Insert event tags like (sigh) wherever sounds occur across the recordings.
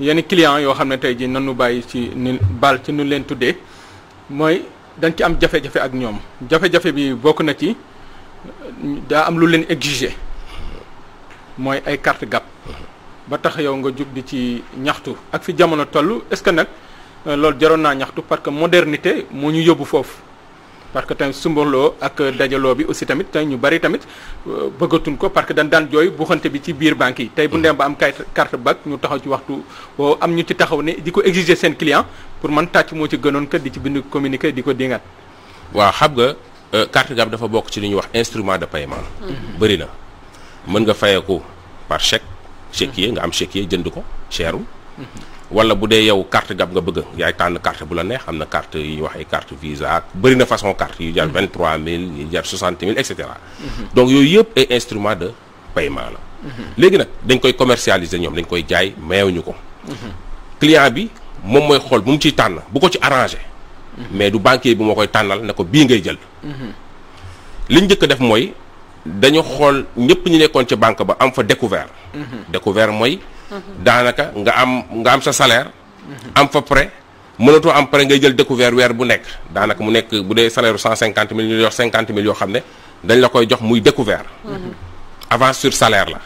yenn client yoo xam ne tey jii nanu bàyyi ci ni baal ci nu leen tuddee mooy dañ ci am jafe-jafe ak ñoom jafe-jafe bi bokk na ci daa am lu leen exiger mooy ay carte GAB ba tax yow nga jug di ci ñaxtu ak fi jamono toll est-ce que nag euh, loolu jaroon naa ñaxtu parce que modernité moo ñu yóbbu foofu parce que tamit sumbaloo ak dajaloo bi aussi tamit ñu bari tamit euh, bëggatuñ ko parce que dañ daan jooy buxante bi ci biir banque yi tey bu mm. ndem ba am carte carte bac ñu taxaw ci waxtu woo am ñu ci taxaw ne di ko exiger seen client pour man tàcc moo ci gënoon kat di ci bind communiqué di ko dingaat waa xam nga euh, carte gab dafa bokk ci li ñuy wax instrument de paiement mm-hmm. bëri na mën nga ko par cheque mm-hmm. chéquier nga am chéquier jënd ko cherul mm-hmm. wala bu dee yow carte gab nga bëgg yaay tànn carte bu la neex am na carte yu ñu wax ay carte visa ak façon carte yu jar mm-hmm. vingt trois mille yu jar soixante mille et cetera mm-hmm. donc yooyu yëpp ay instrument de paiement la mm-hmm. léegi nag dañ koy commercialiser ñoom dañ koy jaay ñu ko client bi moom mooy xool bu mu ciy tànn bu ko ci arrangé mais du banquier bi moo koy tànnal na ko bii ngay jël liñ njëkk def mooy dañu xool ñëpp ñu nekkoon ca banque ba am fa découvert découvert mooy daanaka nga am nga am sa salaire am fa prêt mënatoo am prêt ngay jël découvert weer bu nekk daanaka mu nekk bu dee salaire cent cinquante mille ñu jox cinquante mille yoo xam ne dañ la koy jox muy découvert avant sur salaire la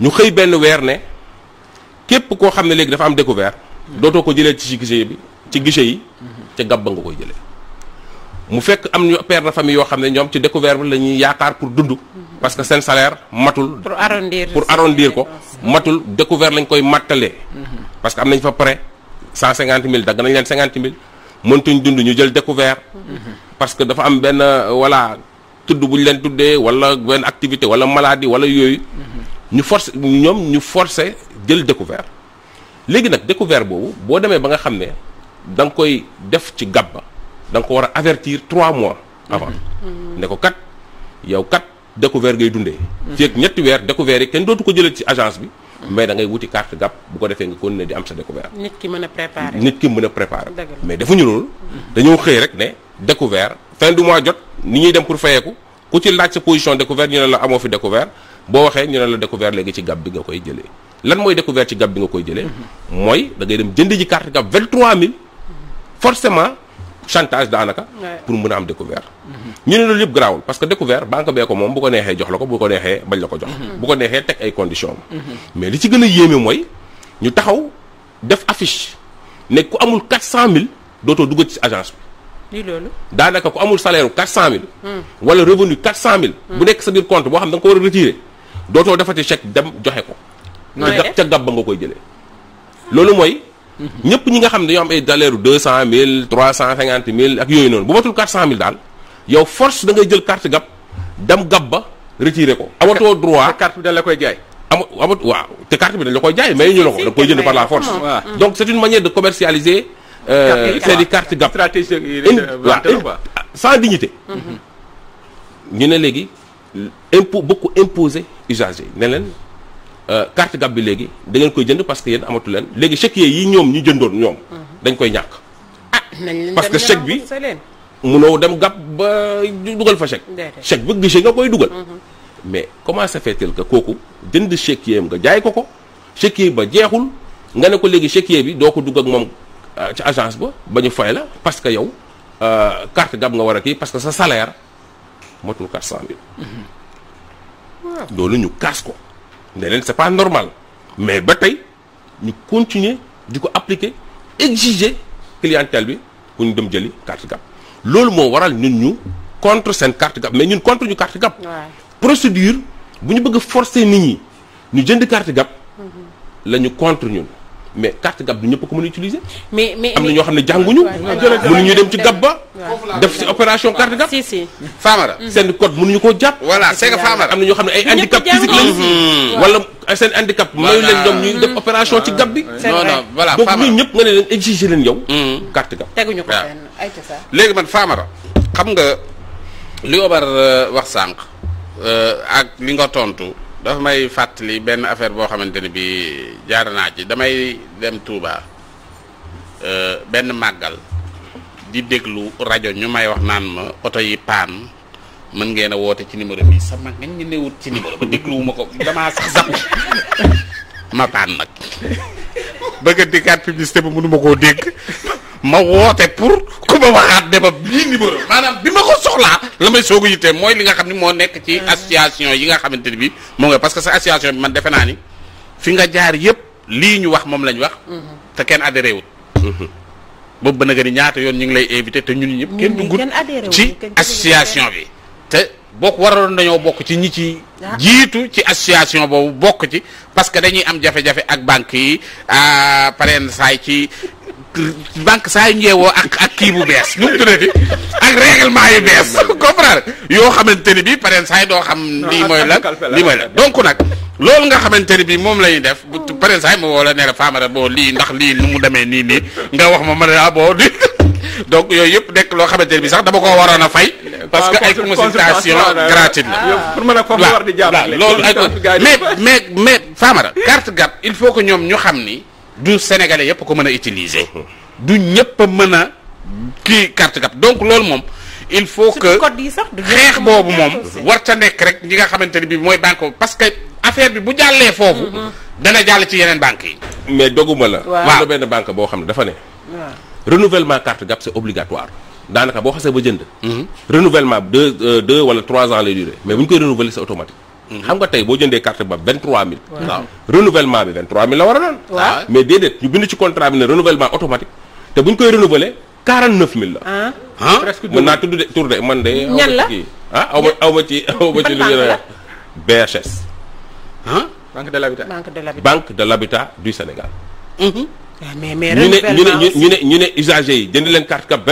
ñu xëy benn weer ne képp koo xam ne léegi dafa am découvert dootoo ko jëlee ci ci guichet ci gise yi ca gàbb nga koy jëlee mu fekk am ñu père de famille yoo xam ne ñoom ci découvert bi la ñuy yaakaar pour dund. parce que seen salaire matul. pour arrondir pour arrondir ko matul découvert lañ koy mattalee. parce que am nañ fa prêt cent cinquante mille dagg nañ leen cinquante mille mëntuñ dund jël découvert. parce que dafa am benn voilà tudd bu ñu leen tuddee wala benn activité wala maladie wala yooyu. ñu forcé ñoom ñu forcé jël découvert léegi nag découvert boobu boo demee ba nga xam ne da nga koy def ci gàbba. da ko war a avertir trois mois avant mm-hmm. ne ko kat yow kat découvert ngay dundee mm-hmm. fii ak ñetti weer découvert yi kenn dootu ko jëlee ci agence bi mm-hmm. mais dangay ngay wuti carte GAB bu ko defee nga continuer di am sa découvert nit ki mën a préparer nit ki mën a préparer mais defuñu loolu dañoo xëy rek ne découvert fin du mois jot ni ñuy dem pour fayeeku ku ci laaj sa position découvert ñu ne la amoo fi découvert boo waxee ñu ne la découvert léegi ci GAB bi nga koy jëlee lan mooy découvert ci GAB bi nga koy jëlee mooy da ngay dem jënd ji carte GAB 23000 forcément chantage daanaka. pour mën a am découvert. ñu ne loolu yëpp garaawul parce que découvert banque bee ko moom bu ko neexee jox la ko bu ko neexee bañ la ko jox. Mm-hmm. bu ko neexee teg ay conditions mm-hmm. mais li ci gën a yéeme mooy ñu taxaw def affiche ne ku amul 400000 dootoo dugg ci agence bi. lii loolu. daanaka ku amul salaire ru 400000. Mm. wala revenu mille mm. bu nekk sa biir compte boo xam ne nga ko war a retirer dootoo defati chèque dem joxe ko. nooy def ca gab ba nga koy jëlee mooy. ñëpp ñi nga xam ne dañoo am ay daleeru deux cent mille trois cent cinquante mille ak yooyu noonu bu matul quatre cent mille daal yow force da ngay jël carte gab dem gab ba retiré ko. amatoo droit carte bi dañ koy jaay. ama amat waaw te carte bi dañ la koy jaay mais ñu la ko da koy jënd par la force. donc c'est une manière de commercialiser. c'est euh, di carte gab stratégie sans dignité. Mm-hmm. ñu ne léegi impôt bëgg ko imposer usager ne leen. Euh, carte gab bi léegi da ngeen koy jënd parce que yéen amatu leen léegi chèque yi ñoom ñu jëndoon ñoom. dañ koy ñàkk. ah nañ parce que chèque bi munoo dem gab ba dugal fa chèque. chèque ba guichet nga koy dugal. Mhm. mais comment ça fait-il que kooku jënd chèque yam nga jaay ko ko chèque yi ba jeexul nga ne ko léegi chèque bi doo ko dugg ak moom euh, ci agence ba ba ñu fay la parce que yow euh, carte gab nga war a kii parce que sa salaire motul 400000. waaw mhm. loolu ñu kaas ko. ne leen c'est pas normal mais ba tey ñu continuer di ko appliquer exiger clientèle bi ku ñu dem jëli carte gab loolu moo waral ñun ñu contre seen carte gab mais ñun contre ñu carte gab procédure bu ñu bëgg forcer nit ñi ñu jënd carte gab mhm. la ñu contre ñun mais carte gab du ñëpp ko mën a mais mais am na ñoo xam ne jànguñu. mënuñu dem ci gab ba. def si opération carte gab. si si mm-hmm. seen code mënuñu koo jàpp. voilà c'est que Famara am ne ay handicap physique lañu. Mm-hmm. seen handicap. mayu leen ñoom ñuy def mm-hmm. opération ci gab bi. non non voilà donc ñun ñëpp nga ne leen exiger leen yow. carte gab léegi man faamara xam nga euh, li Omar euh, wax sànq euh, ak li nga tontu. dafa may fàttali benn affaire boo xamante ne bii jaar naa ci damay dem Touba euh, benn màggal di déglu rajo ñu may wax naan ma oto yi paan mën ngeen woote ci numéro bi sama nga ñu newut ci numéro ba dégluwuma ko damaa sax zapp ma paan nag bëgg a déggaat publicité bi mënuma koo dégg ma woote pour. ko waxaat débat bii numéro maanaam bi ma ko soxlaa la may soog a yittee mooy li nga xam ni moo nekk ci mm. association yi nga xamante ni bi moo nga parce que sa association bi man defe naa ni fi nga jaar yëpp lii ñu wax moom lañ wax mm-hmm. te kenn adhéré wut mm-hmm. boobu ba nga ni ñaata yoon ñu ngi lay invité te ñu ñëpp kenn mm-hmm. duggut ci association bi te bokk waroon nañoo bokk ci ñi ci ah. jiitu ci association boobu bokk ci parce que dañuy am jafe-jafe ak banque yi ah, banque saa yu ñeewoo ak kii bu bees ñu mu tuddati ak règlement yu bees (laughs) comprendre yoo xamante ni bi pareen saa yi doo xam lii mooy lan lii mooy lan donc nag loolu nga xamante ni bi moom la ñuy def pareen saa yi woo la ne la faamara boo lii ndax lii nu mu demee nii nii nga wax ma ma ne ah, boo di (laughs) donc yooyu yëpp nekk loo xamante ne bi sax dama ko waroon a fay parce que ay consultation euh, gratuite la pour mën a foofu war di jàppale loolu ay mais mais mais faamara carte gab il faut que ñoom xam ni du sénégalais yëpp ko mën a utiliser. du ñëpp a mën a kii carte gab donc loolu moom. il faut que xeex boobu moom war ta nekk rek ñi nga xamante ne bii mooy banque boobu parce que affaire bi bu jàllee foofu. dana jàll ci yeneen banques yi. mais doguma la. waaw benn banque boo xam ne dafa ne. renouvellement carte gab c'est obligatoire. daanaka boo xasee ba jënd. renouvellement deux euh, deux trois ans lay duré mais bu ñu koy renouveler c'est automatique. xam nga tey boo jëndee carte ba vingt trois mille waaw renouvellement bi vingt trois mille la war a doon ah, mais déedéet ñu bind ci contrat bi ne renouvellement automatique te bu ñu koy renouveler quarante neuf mille la ah, ah? mën naa tudd de tur de man de ñan la ah aw ma aw ma ci aw ma ci lu ñu wax BHS ah banque de l'habitat banque de l'habitat du Sénégal mm-hmm. ah, mais mais ñu ne ñu ñu ne ñu ne usagers yi jënd leen carte cap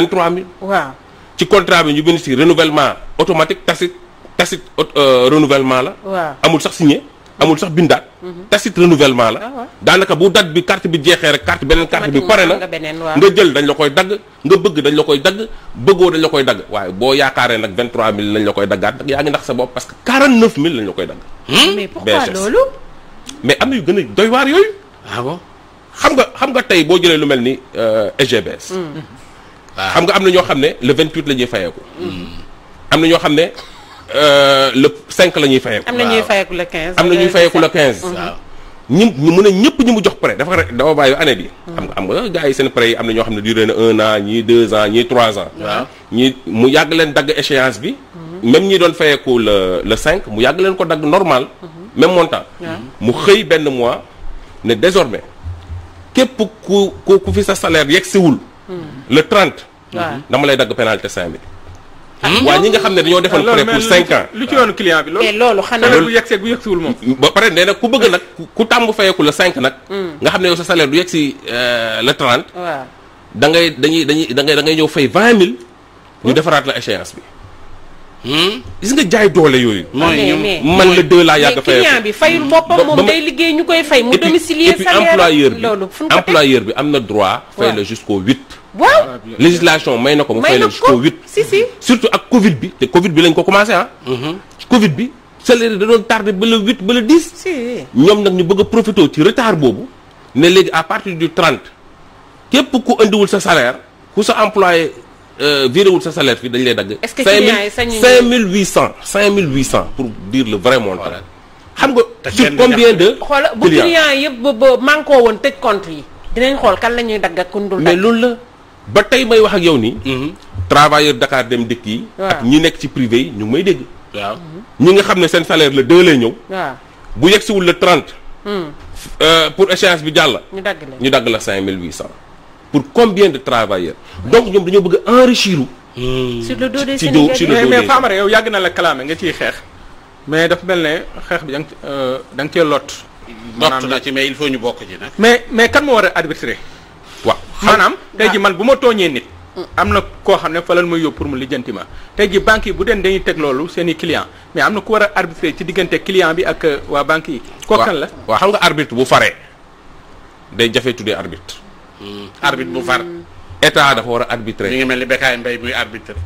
ci contrat bi ñu bind si renouvellement automatique tacite tacite euh, renouvellement la. waaw amul sax signé amul sax bindaat. Mhm. tacite renouvellement la. Ah, daanaka bu date bi carte bi jeexee rek carte beneen carte bi pare na nga jël dañ la koy dagg nga bëgg dañ la koy dagg bëggoo dañ la koy dagg waaye boo yaakaaree nag 23000 lañ la koy daggaat nag yaa ngi ndax sa bopp parce que 49000 lañ la koy dagg. Hmm? Hmm? mais pourquoi mais am na yu gën a doy waar yooyu. ah bon xam nga xam nga tey boo jëlee lu mel ni SGBS. Euh, waaw hmm. ah. xam nga am na ñoo xam ne le 28 la ñuy fayeeku. am na ñoo xam ne. Euh, le cinq la ñuy fayeeku. am na ñuy fayeeku le 15. am na ñuy fayeeku le 15. Mhm. waaw ñi ñu mën a ñëpp ñu mu jox prêt dafa dafa bàyyi année bi. Mhm. am nga am nga gars yi seen prêt yi am na ñoo xam ne duré na un an ñii deux ans ñii trois ans. ñii mu yàgg leen dagg échéance bi. Mhm. même ñi doon fayeeku le le 5 mu yàgg leen ko dagg normal. même montant. mu xëy benn mois ne désormais képp ku ku ku fi sa salaire yegg siwul. le 30. waaw dama lay dagg pénalité bi Hmm? waaw ñi nga xam ne dañoo defoon prêt pour cinq ans lu ci yoonu client bi loolu loolu xanaa bu yegsee bu yegsiwul moom ba pare nee na ku bëgg nag ku tàmm fayeeku la cinq nag hmm. nga xam ne yow sa salaire du yegsi euh, le trente da ngay dañuy dañuy da ngay da ngay ñëw fay vingt mille ñu defaraat la échéance bi gis nga jaay doole yooyu. mooy man la deux laa yàgg a. fayal boppam moom day liggéey ñu koy fay. mu domicilier salaire loolu bi am na droit. fay la législation may na ko mu fay la jusqu'au si si surtout ak Covid bi te Covid bi lañ ko commencé ah. Mhm. Covid bi salaire da doon tardé ba le huit ba le dix. ñoom nag ñu bëgg a profité ci retard boobu ne léegi à partir du trente képp ku andiwul sa salaire ku sa employé. Euh, viré wul sa salaire fii dañ lay dagg. est-ce que cinq mille huit cent cinq mille huit cent pour dire le vrai montant. xam nga sur combien de. xool bu client yëpp ba ba manqué woon tëj compte yi. dinañ xool kan la ñuy dagg ak kundul mais loolu la ba tey may wax ak yow nii. Mhm. travailleur Dakar dem dëkk yi. ak ñi nekk ci privé yi ñu ngi may dégg. waaw ñi nga xam ne seen salaire le deux lay ñëw. waaw bu yegsiwul le trente. Hmm. Euh, pour échéance bi jàll. ñu dagg la ñu dagg la cinq mille huit cent. pour combien de travailleurs donc ñoom dañoo bëgg enrichir hmm. sur le dos des Sénégalais mais Famara yow yàgg na la kalaame nga ciy xeex mais dafa mel ne xeex bi da nga euh, da nga cee lot maanaam na ci mais il faut ñu bokk ci nag mais mais kan moo war a arbitrer waaw maanaam ah. tey ji man bu ma tooñee nit mm. am na koo xam ne fa lan mooy yóbbu pour mu lijjanti ma tey ji banque yi bu deen dañuy teg loolu seeni i client mais am na ku war a arbitrer ci diggante client bi ak euh, waa banque yi kookan la waaw xam nga arbitre bu faree day jafe tuddee arbitre Mm. arbitre bu far. Mm. état dafa war a arbitrer. mi ngi mel ni Bécaye Mbaye buy arbitre. (laughs)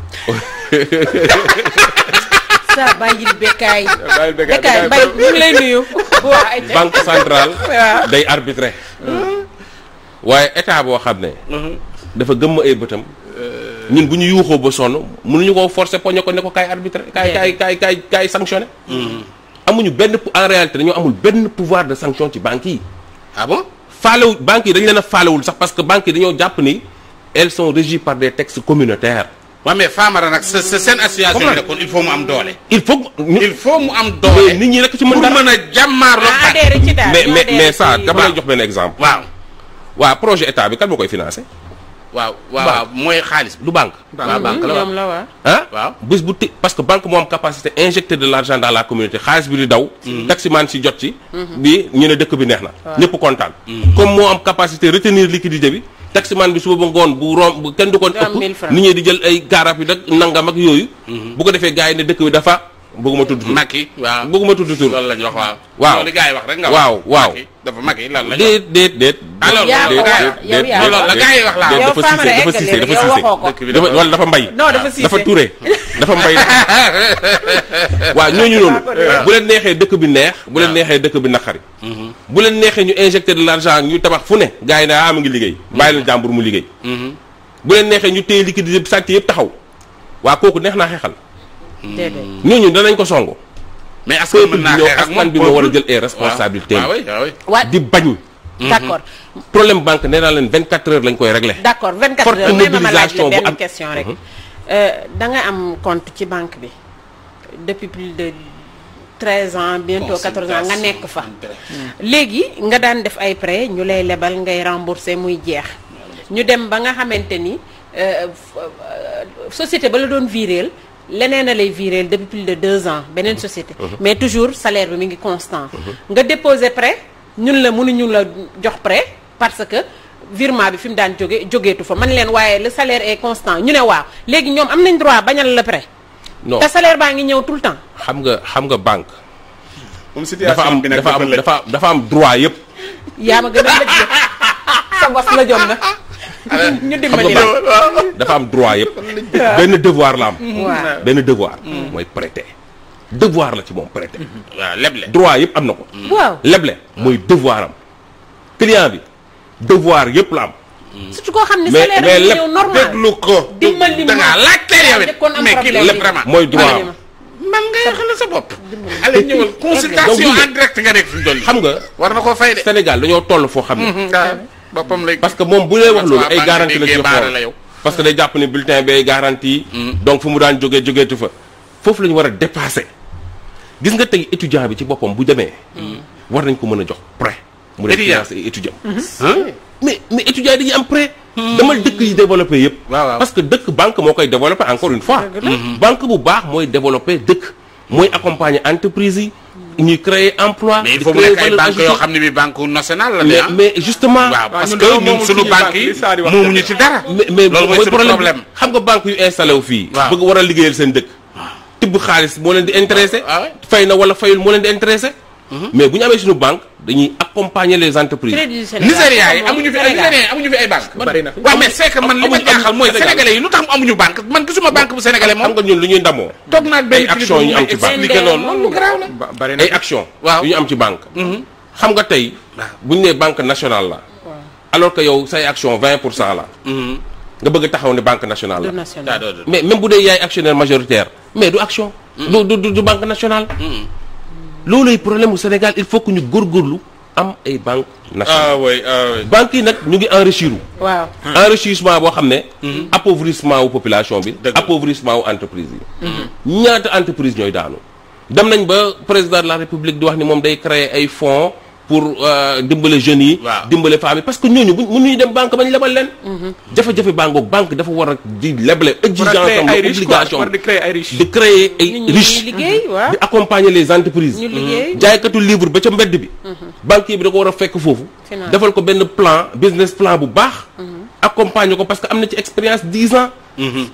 sa bàyyil ngi lay (laughs) banque centrale. (laughs) day arbitrer. Mm. waaye boo xam ne. Mm-hmm. dafa gëmm ay bëtam. Euh. ñun bu ñu yuuxoo ba sonn mënuñu koo forcer poñe ko ne ko kaay arbitré kaay mm-hmm. benn dañoo amul benn pouvoir de sanction ci banque yi. Ah faalewu banques yi dañ faalewul sax parce que banques yi dañoo jàpp ni elles sont régies par des textes communautaires. waaw mais Famara nag seen association bi kon il faut mu am doole. il faut il faut mu am doole. nit ñi rek ci mën dara pour mën a jàmmaar ah, mais mais mais ça dama lay jox benn exemple. waaw waaw projet état bi kan moo koy financé. waaw waaw mooy xaalis du banque. waaw banque la waaw ah waaw bés bu ti parce que banque moo am capacité injecter de l'argent dans la communauté xaalis bi di daw. Mm-hmm. taximaan si jot ci. bi mm-hmm. ñu ne dëkk bi neex na. ñëpp kontaan. Mm-hmm. comme moo am capacité retenir liquidité bi. taximaan bi suba ba ngoon bu romb kenn du ko ëpp nit ñi di jël ay garab yi nag nangam mag yooyu. bu ko defee gars ne dëkk bi dafa bëgguma tudd tur. Macky waaw bëgguma tudd tur. loolu la ñu wax waaw. waaw loolu gars yi wax rek nga waaw waaw. dafa mag yi lan la. déet déet déet. alors ah, déet déet déet alors la gars yi wax laa. yow Fama la egg léegi dafa siise dafa siise dafa wala dafa mbay. non dafa siise dafa ture dafa mbay. waaw ñooñu noonu. (laughs) bu leen neexee dëkk bi neex. bu leen neexee dëkk bi naqari. Mhm. bu leen neexee ñu injecté de l'argent ñu tabax fu ne. gars yi ne ah mu ngi liggéey. Mhm. bàyyi leen jàmbur mu liggéey. Mhm. bu leen neexee ñu téye liquide sàcc yëpp taxaw. waa kooku neex naa xeexal. ñooñu danañ ko songu mais askan bi ñoo askan bi ñoo war a jël ay responsabilité ah ah di bañ. d'accord problème banque nee naa leen 24 heures lañ koy réglé. d'accord 24 heures mais ma laaj la benn question rek. Mhm. Euh, da nga am compte ci banque bi depuis plus de 13 ans bientôt 14 ans nga nekk fa. Hmm. léegi nga daan def ay prêts ñu lay lebal ngay rembourser muy jeex ñu dem ba nga xamante ni euh, euh, société ba la doon viréel. leneen a lay viréel depuis plus de deux ans beneen mhm. société. Mhm. mais toujours salaire bi mi ngi constant. Mhm. nga déposer prêt ñun la ñun la jox prêt parce que virement bi fi mu daan jóge jogeetu fa man leen waaye le salaire est constant ñu ne waaw léegi ñoom am nañ droit bañal la prêt. non te salaire baa ngi ñëw tout le temps. xam nga xam nga banque. moom situation bi nag dafa am dafa am dafa am droit yëpp. yaa ma gën a lëj (laughs) sa bopp la jom na. ñu dafa am droit yëpp. benn devoir la am. Mm. Mm. benn devoir. Mm. mooy prêter. devoir la ci moom prêter. Mm-hmm. waaw leble yëpp am na ko. waaw leble mooy devoir am. client bi devoir yëpp la am. surtout koo xam ne salaire bi ñëw normal mais déglu ko. dimbali da ngaa mooy droit am. man nga yàqal sa bopp. allez ñëwal (laughs) direct nga nekk fi mu xam nga war na koo fay de. Sénégal dañoo toll foo xam ne. Mm-hmm. Ah. boppam lay parce que moom bu lay wax loolu ay garantie la ci parce que day ne bulletin bi ay hmm. donc mu daan jógee jógeetu fa foofu la ñu war a dépasser gis nga tey étudiant bi ci boppam bu demee hmm. war nañ ko mën a jox prêt mu def finance ay étudiant mm-hmm. ah. mais mais étudiant yi dañuy am prêt hmm. demal dëkk yi développé yëpp parce que dëkk banque moo koy développé encore une fois banque bu baax mooy développé dëkk mooy accompagner entreprise yi ñu créer emploi. mais il faut mu nekk yoo xam ne bi banque nationale la de ah. mais justement parce ah, que ñun suñu banques yi moomuñu ci problème xam nga banque yu installé wu fii. bëgg war a liggéeyal seen dëkk. tibb xaalis moo leen di intéressé. Ah, fay na wala fayul moo leen di Mm-hmm. mais bu ñu amee suñu banque dañuy accompagner les entreprises. Nigéria yi amuñu fi ay Nigéria waaw mais c'est man li ma jaaxal mooy sénégalais yi lu tax amuñu banque man gisuma banque bu sénégalais moom. xam nga ñun lu ñuy ñu am ci banque li loolu garaaw la ay action yu ñu am xam nga tey buñu nee banque national la. alors que yow say action 20 pour cent la. Mm-hmm. nga bëgg taxaw ne banque nationale la. mais même bu dee yaay actionnaire majoritaire mais du action. Mm-hmm. du du du banque loolu looluy problème bu Sénégal il faut que ñu góorgóorlu am ay banque nationale ah oui ah banques yi nag ñu ngi enrichir wu. waaw enrichissement boo xam ne. Mm-hmm. appauvrissement wu population bi. appauvrissement wu entreprise yi. Mm-hmm. ñaata entreprise ñooy daanu. dem nañ ba président de la république di wax ni moom day créer ay fonds. pour euh, dimbale jeunes yi. dimbale femmes yi parce que ñooñu buñ mënuñu dem banque bañ lebal leen. Mhm. jafe-jafe bangoog banque dafa war a di leble. exigence am la obligation de créer ay riches. di créer ay riches mhm. di accompagner les entreprises. Mhm. jaaykatu livre ba ca mbedd bi. banque bi da ko war a fekk foofu. defal ko benn plan business plan bu baax. accompagner ko parce que am na ci expérience dix ans.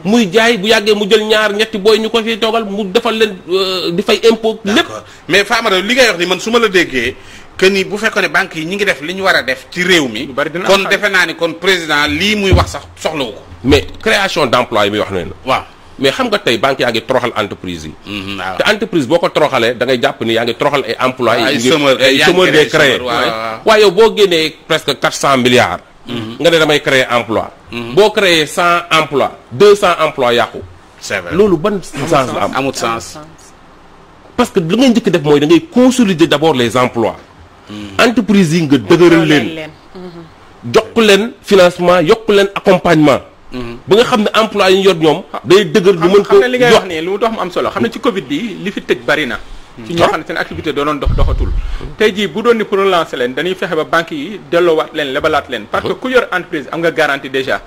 muy jaay bu yàggee mu jël ñaar ñetti booy ñu ko fiy toogal mu defal leen euh, di fay impôt lépp. mais Famara li ngay man su ma la déggee. que ni bu fekkoon ne banques yi ñi ngi def li ñu war a def ci réew mi. kon defe naa ni kon président lii muy wax sax soxlawu ko. mais création d' emploi yi muy wax noonu. waaw mais xam nga tey banques yaa ngi toroxal entreprise yi. Mm-hmm, te entreprise boo ko toroxalee da ngay jàpp ni yaa ngi toroxal ay emploi yi. ay chômeur ay chômeur des créés waaw yow boo génnee presque 400 milliards. Mm-hmm. nga ne damay créer emploi. Mm-hmm. boo créer 100 emploi 200 emploi yàqu. c'est loolu ban sens la am amut sens. parce que li ngay njëkk def mooy da ngay consolider d' abord les emplois. entreprise yi nga dëgëral leen jox leen financement yokk leen accompagnement mm-hmm. ba nga xam ne emploi yi ñu yor ñoom ah. day dëgër du mën ko li ngay wax ne lu tax mu am solo xam ne ci covid bi li fi tëj bari na ci ñoo ah. xam ne seen activité doonoon dox doxatul tey jii bu doon ni pour relancer leen dañuy fexe ba banque yi delloowaat leen lebalaat leen parce que ku yor entreprise am nga garantie déjà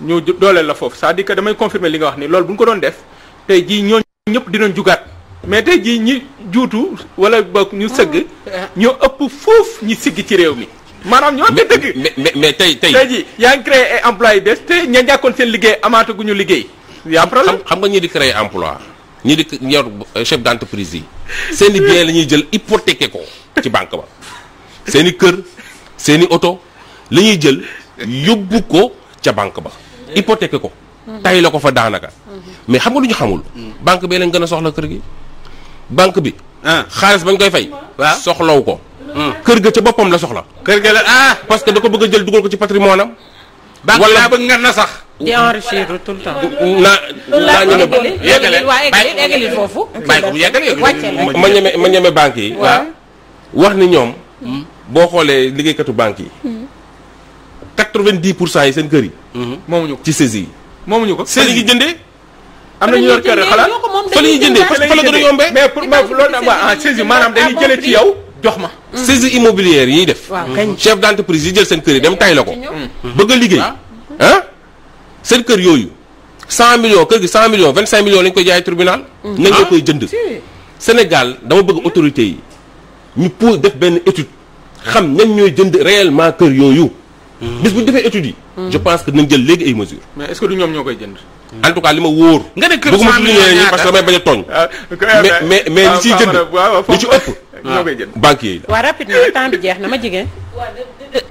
ñu dooleel la foofu c'est-à-dire que damay confirmer li nga wax ni loolu bu ñu ko doon def tey jii ñoo ñëpp dinañ jugaat mais tey jii ñi juutu wala boog ñu sëgg. Ah. ñoo ëpp foofu ñi sigg ci réew mi. maanaam ñoo te dëgg. mais tey tey. tey yaa ngi créé ay emploi yu bees te ña njàkkoon seen liggéey amaata gu ñu liggéey. yaa problème xam nga ñii di créer emploi ñii di yor chef d' entreprise yi. seeni i bien la ñuy jël hypothéqué ko ci banque ba. seen i kër seen i oto la ñuy jël yóbbu ko ca banque ba. hypothéqué ko. Mm-hmm. tay la ko fa daanaka. Mm-hmm. mais xam nga lu ñu xamul. Mm-hmm. banque bee leen gën a soxla kër gi. banque bi. Ah. xaalis bañ koy fay. waaw soxlaw ko. Hmm. kër ga ca boppam la soxla. kër ga la ah. parce que da ko bëgg jël dugal ko ci patrimoine am. banque bi laa bëgg nga na sax. di enrichir tout le temps. naa naa ñeme ba yeggale bàyyi ko ma ñeme yi. waaw wax ni ñoom. Hmm. boo xoolee liggéeykatu banque yi. 90 hmm. pour cent yi seen kër yi. moomuñu ko ci saisie yi. moomuñu ko saisie yi jëndee. am na ñu yor kër xalaat fa la ñuy jëndee parce que fa la gën a yombee mais pour maanaam dañuy jëlee ci yow jox ma mm. saisie immobilière yiy def mm-hmm. chef d'entreprise yi jël seen kër yi dem tay la ko mm. Mm. bëgg a liggéey ah seen kër yooyu cent millions kër gi cent millions vingt cinq millions lañ koy jaay tribunal nañ la ah, koy jënd Sénégal dama bëgg autorité yi ñu pour def benn étude xam ñan ñooy jënd réellement kër yooyu bis bu ñu defee étude yi je pense que nañ jël léegi ay mesures mais est-ce que du ñoom ñoo koy jënd en tout cas li ma woor nga ne kër cent millions ñi bañ a tooñ. Ah, ah, mais mais mais li ciy jënd li ci ëpp. banquier yi la. waaw jeex na ma jigéen.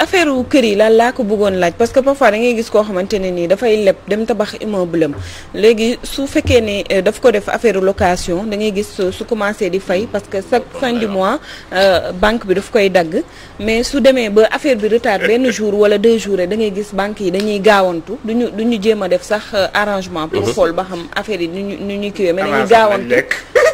affaire wu kër yi lan laa ko bëggoon laaj parce que parfois dangay gis koo xamante ne nii dafay leb dem tabax immeuble am léegi su fekkee ne euh, daf ko def affaire location da ngay gis euh, su commencé di fay parce que chaque fin du mois euh, banque bi daf koy dagg mais su demee ba affaire bi retard benn jour wala deux jours da ngay gis banque yi dañuy gaawantu duñu duñu jéem a def sax arrangement pour mhm. xool ba xam affaire yi nu ñu nu ñuy kiiwee mais dañuy gaawantu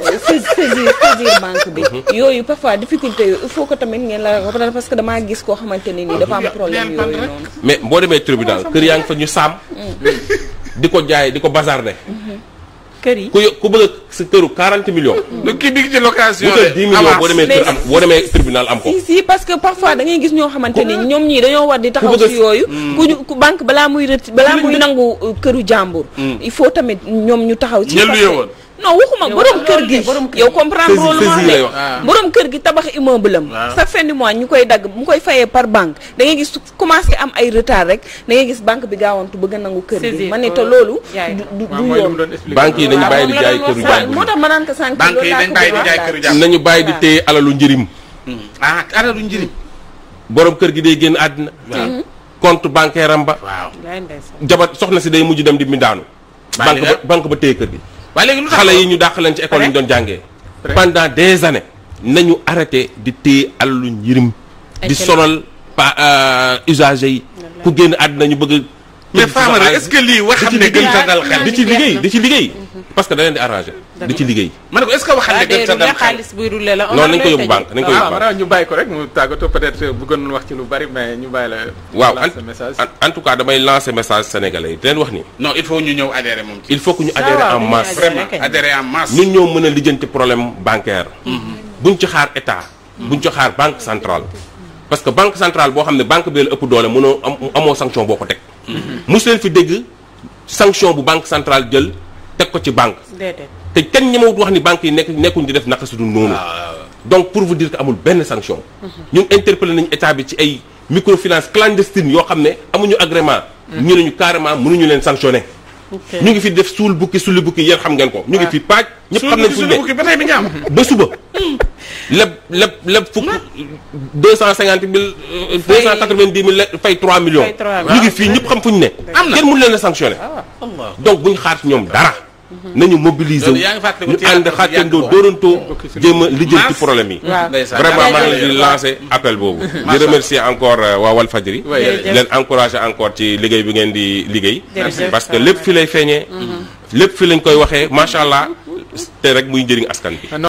saisir saisir banque bi mhm. yooyu parfois difficulté yooyu il faut que tamit ngeen la reprendre parce que damaa gis koo xamante ne nii dafa am problème yooyu noonu mais boo demee tribunal kër yaa ngi fa ñu saam mm. di ko jaay di ko bazarder mhm. kër yi ku ku bëgg sa këru 40 millions. lu mm. kii bi ci location de. avance boo demee am boo demee tribunal am ko. parce que parfois da ngay gis ñoo xamante ni ñoom ñii dañoo war di taxaw si yooyu. Mm. ku ñu ku banque balaa muy rëtt balaa muy nangu euh, këru jàmbur. il faut tamit ñoom ñu taxaw ci. ñëllu yeewoon non waxuma borom kër gi yow comprendre loolu ma ne ah. borom kër gi tabax immeuble am chaque ah. fin du mois ñu koy dagg mu koy fayee par banque da ngay commencé am ay retard rek da ngay gis banque bi gaawantu bëgg a kër gi ma ne te ah, banque yi nañu bàyyi di jaay këru jàmbur moo tax ma naan ko bàyyi di jaay këru jàmbur nañu bàyyi di téye alalu njërim hmm. kër gi day génn àddina hmm. compte bancaire am ba waaw jabar soxna si day mujj dem di bindaanu banque ba banque ba tey kër gi waaye léegi xale yi ñu dàq leen ci école yi ñu doon jàngee. pendant des années nañu arrêté di téye alalu njirim di sonal pa euh, usagers yi. ku génn àddina ñu bëgg mais Famara est-ce que lii waxam ne gën sa dal xel di ci liggéey di ci liggéey parce que da leen di arrangé di ci liggéey ma ne ko est-ce que waxam ne gën sa dal xel non nañ ko yóbbu ah, banque nañ ko yóbbu banque ñu bàyyi ko rek mu tàggatoo peut-être bëggoon wax ci lu bari mais ñu bàyyi la waaw en tout cas damay lancer message sénégalais yi di leen wax ni non il faut ñu ñëw adhérer moom il faut que ñu adhérer en masse vraiment adhérer en masse ñun ñoo mën a lijjanti problème bancaire mhm. buñ ci xaar état mhm. buñ ci xaar banque centrale parce que banque centrale boo xam ne banque bi la ëpp doole mënoo am amoo sanction boo ko teg mosu mm-hmm. leen fi dégg sanction bu banque centrale jël teg ko ci banque. te kenn ñemewut wax ni banque yi nekk nekkuñ di def naka su dul noonu. Ah, donc pour vous dire amul benn sanction. Mm-hmm. ñun interpellé nañu état bi ci ay microfinance clandestine yoo xam ne amuñu agrément. Mm-hmm. ñu ne ñu carrément mënuñu leen sanctionné. ñu ngi fi def suul bukki sulli bukki yéen xam ngeen ko. ñu ngi fi ah. paaj ñëpp xam nañ fu ñu ne ba suba. Mm. lépp lépp lépp fukk deux cent cinquante mille euh, deux cent quatre-vingt-dix mille fay trois millions ñu fii ñëpp xam fu ñu ne am na kenn mënu leen a sanctionné ah. donc buñ xaar ñoom dara mhm. nañu mobiliser wu ñu ànd xàttandoo dóorantoo jéem a lijjal ci problème yi vraiment maa ngi leen di lancer appel boobu di remercier encore euh, waa Walfadjri leen encourager encore ci liggéey bi ngeen di liggéey parce que lépp fi lay feeñee mhm. lépp fi lañ koy waxee macha allah te rek muy njëriñ askan bi ah,